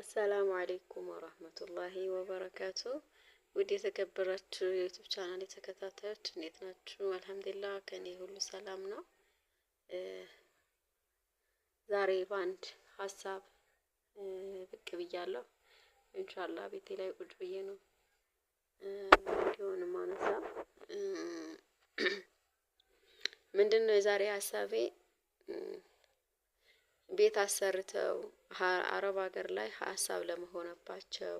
አሰላሙ አሌይኩም ወራህመቱላሂ ወበረካቱ። ውድ የተከበራችሁ የዩቱብ ቻናል የተከታታዮች እንዴት ናችሁ? አልሐምዱሊላህ ከኔ ሁሉ ሰላም ነው። ዛሬ በአንድ ሀሳብ ብቅ ብያለሁ። ኢንሻላ ቤቴ ላይ ቁጭ ብዬ ነው እንዲሆን ማነሳ። ምንድን ነው የዛሬ ሀሳቤ ቤት አሰርተው አረብ ሀገር ላይ ሀሳብ ለመሆነባቸው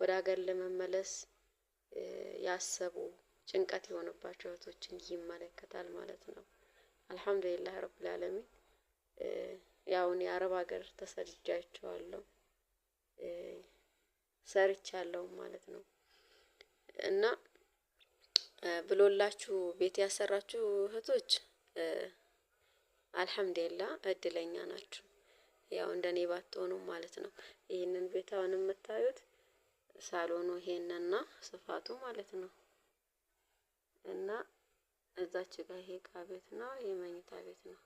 ወደ ሀገር ለመመለስ ያሰቡ ጭንቀት የሆነባቸው እህቶችን ይመለከታል ማለት ነው። አልሐምዱሊላህ ረብል ዓለሚን ያውን የአረብ ሀገር ተሰድጃቸዋለሁ ሰርቻለሁ ማለት ነው እና ብሎላችሁ ቤት ያሰራችሁ እህቶች አልሐምዱሊላህ እድለኛ ናችሁ። ያው እንደኔ ባትሆኑ ማለት ነው። ይህንን ቤት አሁን የምታዩት ሳሎኑ ይሄንና ስፋቱ ማለት ነው እና እዛች ጋር ይሄ እቃ ቤት ነው፣ ይሄ መኝታ ቤት ነው።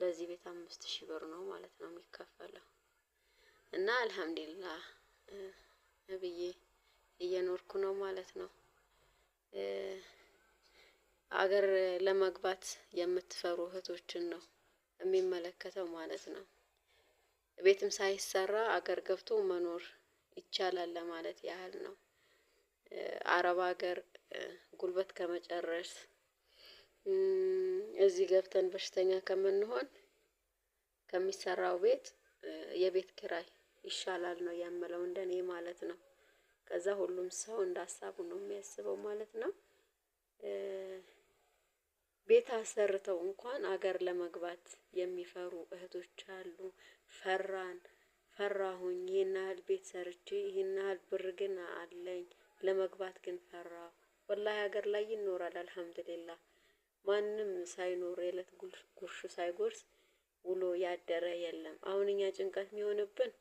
ለዚህ ቤት አምስት ሺህ ብር ነው ማለት ነው የሚከፈለው እና አልሐምዱሊላህ ብዬ እየኖርኩ ነው ማለት ነው። አገር ለመግባት የምትፈሩ እህቶችን ነው የሚመለከተው ማለት ነው። ቤትም ሳይሰራ አገር ገብቶ መኖር ይቻላል ለማለት ያህል ነው። አረብ ሀገር ጉልበት ከመጨረስ እዚህ ገብተን በሽተኛ ከምንሆን ከሚሰራው ቤት የቤት ኪራይ ይሻላል ነው የምለው፣ እንደኔ ማለት ነው። ከዛ ሁሉም ሰው እንዳሳቡ ነው የሚያስበው ማለት ነው። ቤት አሰርተው እንኳን አገር ለመግባት የሚፈሩ እህቶች አሉ። ፈራን ፈራሁኝ፣ ይህን ያህል ቤት ሰርቼ ይህን ያህል ብር ግን አለኝ፣ ለመግባት ግን ፈራሁ። ወላሂ ሀገር ላይ ይኖራል አልሐምዱሊላህ። ማንም ሳይኖር የዕለት ጉርሹ ሳይጎርስ ውሎ ያደረ የለም። አሁን እኛ ጭንቀት የሚሆንብን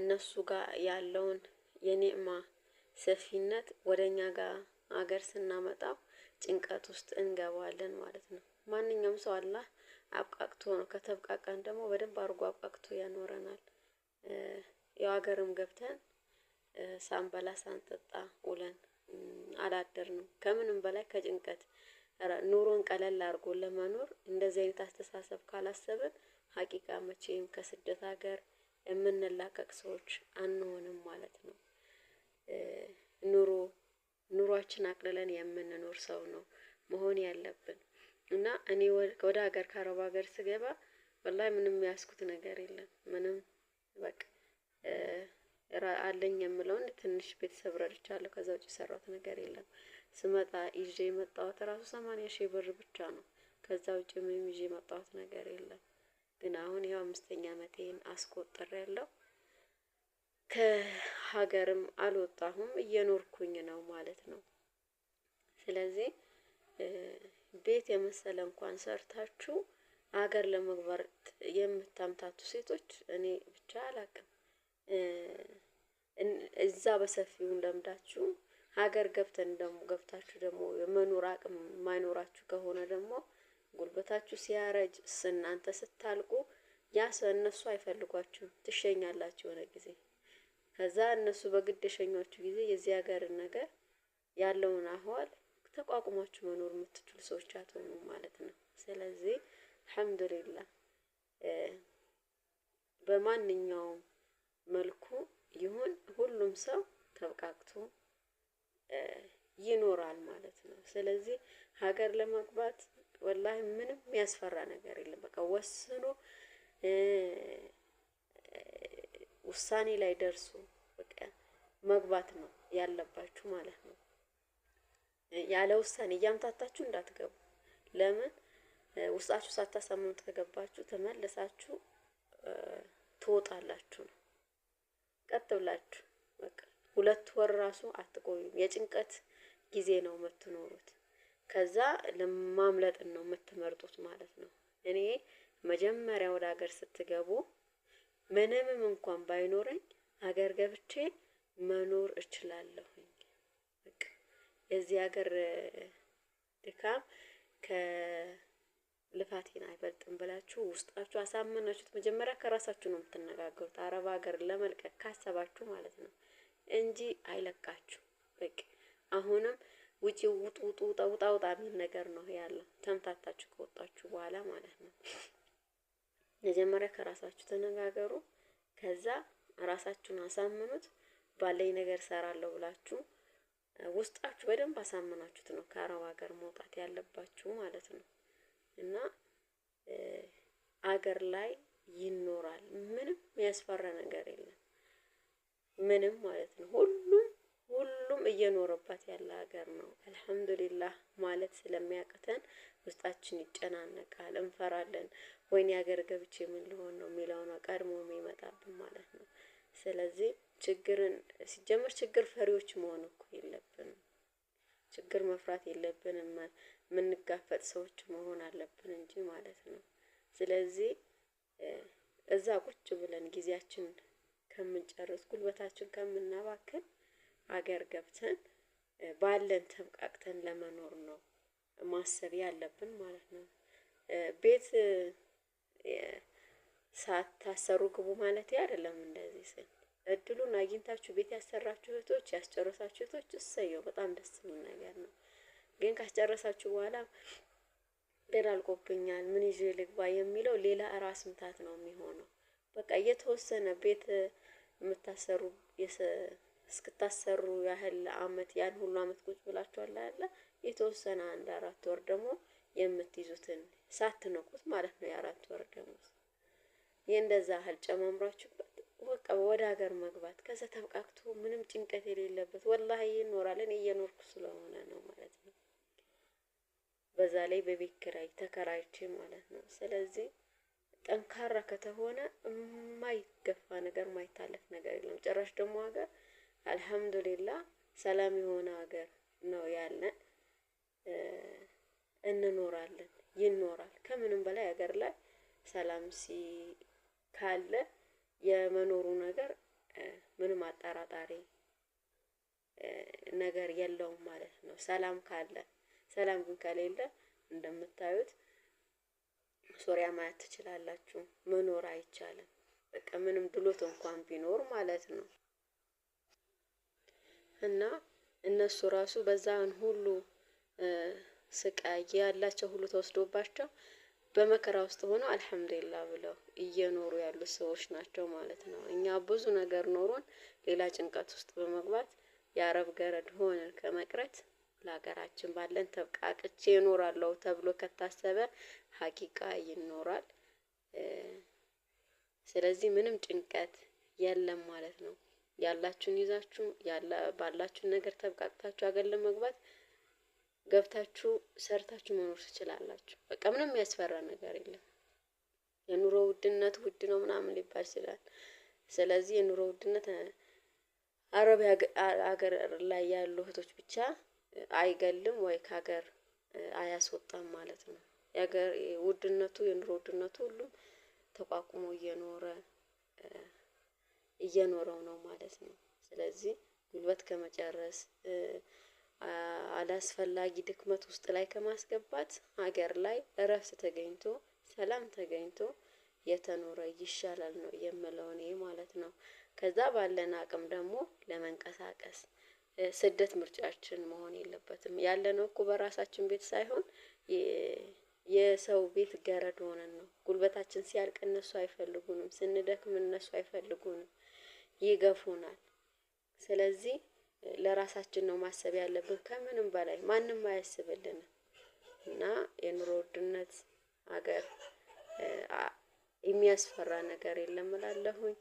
እነሱ ጋር ያለውን የኒዕማ ሰፊነት ወደ እኛ ጋር አገር ስናመጣው ጭንቀት ውስጥ እንገባለን ማለት ነው። ማንኛውም ሰው አላህ አብቃቅቶ ነው። ከተብቃቃን ደግሞ በደንብ አድርጎ አብቃቅቶ ያኖረናል። ያው ሀገርም ገብተን ሳንበላ ሳንጠጣ ውለን አላደርንም። ከምንም በላይ ከጭንቀት ኑሮን ቀለል አድርጎ ለመኖር እንደዚህ አይነት አስተሳሰብ ካላሰብን ሀቂቃ መቼም ከስደት ሀገር የምንላቀቅ ሰዎች አንሆንም ማለት ነው። ኑሮ ኑሯችን አቅልለን የምንኖር ሰው ነው መሆን ያለብን እና እኔ ወደ ሀገር ከአረብ ሀገር ስገባ ወላሂ ምንም ያስኩት ነገር የለም። ምንም በቃ አለኝ የምለውን ትንሽ ቤተሰብ ረድቻለሁ። ከዛ ውጭ የሰራሁት ነገር የለም። ስመጣ ይዤ የመጣሁት ራሱ ሰማንያ ሺህ ብር ብቻ ነው። ከዛ ውጭ ምንም ይዤ የመጣሁት ነገር የለም። ግን አሁን ይኸው አምስተኛ ዓመቴን አስቆጥሬያለሁ። ከሀገርም አልወጣሁም እየኖርኩኝ ነው ማለት ነው። ስለዚህ ቤት የመሰለ እንኳን ሰርታችሁ ሀገር ለመግባት የምታምታቱ ሴቶች እኔ ብቻ አላቅም። እዛ በሰፊውን ለምዳችሁ ሀገር ገብተን ደሞ ገብታችሁ ደግሞ የመኖር አቅም የማይኖራችሁ ከሆነ ደግሞ ጉልበታችሁ ሲያረጅ እናንተ ስታልቁ ያ እነሱ አይፈልጓችሁም፣ ትሸኛላችሁ የሆነ ጊዜ ከዛ እነሱ በግድ የሸኟችሁ ጊዜ የዚህ ሀገርን ነገር ያለውን አህዋል ተቋቁማችሁ መኖር የምትችሉ ሰዎች አትሆኑም ማለት ነው። ስለዚህ አልሐምዱሊላህ በማንኛውም መልኩ ይሁን ሁሉም ሰው ተብቃቅቶ ይኖራል ማለት ነው። ስለዚህ ሀገር ለመግባት ወላሂ ምንም የሚያስፈራ ነገር የለም። በቃ ወስኖ ውሳኔ ላይ ደርሶ መግባት ነው ያለባችሁ ማለት ነው። ያለ ውሳኔ እያምታታችሁ እንዳትገቡ። ለምን ውስጣችሁ ሳታሳምኑ ተገባችሁ ተመልሳችሁ ትወጣላችሁ ነው። ቀጥ ብላችሁ በቃ ሁለት ወር ራሱ አትቆዩም። የጭንቀት ጊዜ ነው የምትኖሩት። ከዛ ለማምለጥን ነው የምትመርጡት ማለት ነው። እኔ መጀመሪያ ወደ ሀገር ስትገቡ ምንምም እንኳን ባይኖረኝ ሀገር ገብቼ መኖር እችላለሁኝ። የዚህ ሀገር ድካም ከልፋቴን አይበልጥም ብላችሁ ውስጣችሁ አሳመናችሁት። መጀመሪያ ከራሳችሁ ነው የምትነጋገሩት። አረብ ሀገር ለመልቀቅ ካሰባችሁ ማለት ነው እንጂ አይለቃችሁ። በቂ አሁንም ውጪ ውጡ ውጡ ውጣ ውጣ የሚል ነገር ነው ያለው። ተምታታችሁ ከወጣችሁ በኋላ ማለት ነው። መጀመሪያ ከራሳችሁ ተነጋገሩ፣ ከዛ ራሳችሁን አሳምኑት። ባለኝ ነገር ሰራለሁ ብላችሁ ውስጣችሁ በደንብ አሳምናችሁት ነው ከአረብ ሀገር መውጣት ያለባችሁ ማለት ነው። እና አገር ላይ ይኖራል። ምንም የሚያስፈራ ነገር የለም። ምንም ማለት ነው። ሁሉም ሁሉም እየኖረባት ያለ ሀገር ነው። አልሐምዱሊላህ ማለት ስለሚያቅተን ውስጣችን ይጨናነቃል፣ እንፈራለን። ወይኔ ሀገር ገብቼ ምን ልሆን ነው የሚለው ነው ቀድሞ የሚመጣብን ማለት ነው። ስለዚህ ችግርን ሲጀመር ችግር ፈሪዎች መሆን እኮ የለብንም። ችግር መፍራት የለብንም። የምንጋፈጥ ሰዎች መሆን አለብን እንጂ ማለት ነው። ስለዚህ እዛ ቁጭ ብለን ጊዜያችን ከምንጨርስ ጉልበታችን ከምናባክን አገር ገብተን ባለን ተብቃቅተን ለመኖር ነው ማሰብ ያለብን ማለት ነው። ቤት ሳታሰሩ ግቡ ማለት አይደለም እንደዚህ ስል እድሉን አግኝታችሁ ቤት ያሰራችሁ እህቶች፣ ያስጨረሳችሁ እህቶች እሰየው፣ በጣም ደስ የሚል ነገር ነው። ግን ካስጨረሳችሁ በኋላ ብር አልቆብኛል፣ ምን ይዤ ልግባ የሚለው ሌላ ራስ ምታት ነው የሚሆነው። በቃ እየተወሰነ ቤት የምታሰሩ እስክታሰሩ ያህል አመት ያን ሁሉ አመት ቁጭ ብላችኋል ያለ የተወሰነ አንድ አራት ወር ደግሞ የምትይዙትን ሳትነኩት ማለት ነው የአራት ወር ደግሞ ይህ እንደዛ ያህል ጨማምሯችሁበት በቃ ወደ ሀገር መግባት ከዛ ተብቃቅቶ ምንም ጭንቀት የሌለበት ወላሂ ይኖራለን። እየኖርኩ ስለሆነ ነው ማለት ነው። በዛ ላይ በቤት ኪራይ ተከራይቼ ማለት ነው። ስለዚህ ጠንካራ ከተሆነ የማይገፋ ነገር የማይታለፍ ነገር የለም። ጭራሽ ደግሞ ሀገር አልሐምዱሊላ ሰላም የሆነ ሀገር ነው ያለን። እንኖራለን ይኖራል። ከምንም በላይ ሀገር ላይ ሰላም ሲ ካለ የመኖሩ ነገር ምንም አጠራጣሪ ነገር የለውም ማለት ነው። ሰላም ካለ ሰላም ግን ከሌለ እንደምታዩት ሶሪያ ማየት ትችላላችሁ። መኖር አይቻልም። በቃ ምንም ድሎት እንኳን ቢኖር ማለት ነው እና እነሱ ራሱ በዛን ሁሉ ስቃይ ያላቸው ሁሉ ተወስዶባቸው በመከራ ውስጥ ሆነው አልሐምዱሊላ ብለው እየኖሩ ያሉት ሰዎች ናቸው ማለት ነው። እኛ ብዙ ነገር ኖሮን ሌላ ጭንቀት ውስጥ በመግባት የአረብ ገረድ ሆነን ከመቅረት ለሀገራችን ባለን ተብቃቅቼ እኖራለሁ ተብሎ ከታሰበ ሀቂቃ ይኖራል። ስለዚህ ምንም ጭንቀት የለም ማለት ነው። ያላችሁን ይዛችሁ ባላችሁን ነገር ተብቃቅታችሁ አገር ለመግባት ገብታችሁ ሰርታችሁ መኖር ትችላላችሁ። በቃ ምንም የሚያስፈራ ነገር የለም። የኑሮ ውድነት ውድ ነው ምናምን ሊባል ይችላል። ስለዚህ የኑሮ ውድነት አረብ ሀገር ላይ ያሉ እህቶች ብቻ አይገልም ወይ ከሀገር አያስወጣም ማለት ነው። የሀገር ውድነቱ የኑሮ ውድነቱ ሁሉም ተቋቁሞ እየኖረ እየኖረው ነው ማለት ነው። ስለዚህ ጉልበት ከመጨረስ አላስፈላጊ ድክመት ውስጥ ላይ ከማስገባት ሀገር ላይ እረፍት ተገኝቶ ሰላም ተገኝቶ የተኖረ ይሻላል ነው የምለው እኔ ማለት ነው። ከዛ ባለን አቅም ደግሞ ለመንቀሳቀስ ስደት ምርጫችን መሆን የለበትም። ያለነው እኮ በራሳችን ቤት ሳይሆን የሰው ቤት ገረድ ሆነን ነው። ጉልበታችን ሲያልቅ እነሱ አይፈልጉንም፣ ስንደክም እነሱ አይፈልጉንም፣ ይገፉናል። ስለዚህ ለራሳችን ነው ማሰብ ያለብን ከምንም በላይ ማንም አያስብልን እና የኑሮ ውድነት ሀገር የሚያስፈራ ነገር የለም እላለሁኝ።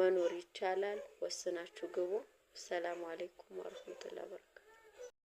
መኖር ይቻላል። ወስናችሁ ግቡ። ሰላም አሌይኩም ወረህመቱላሂ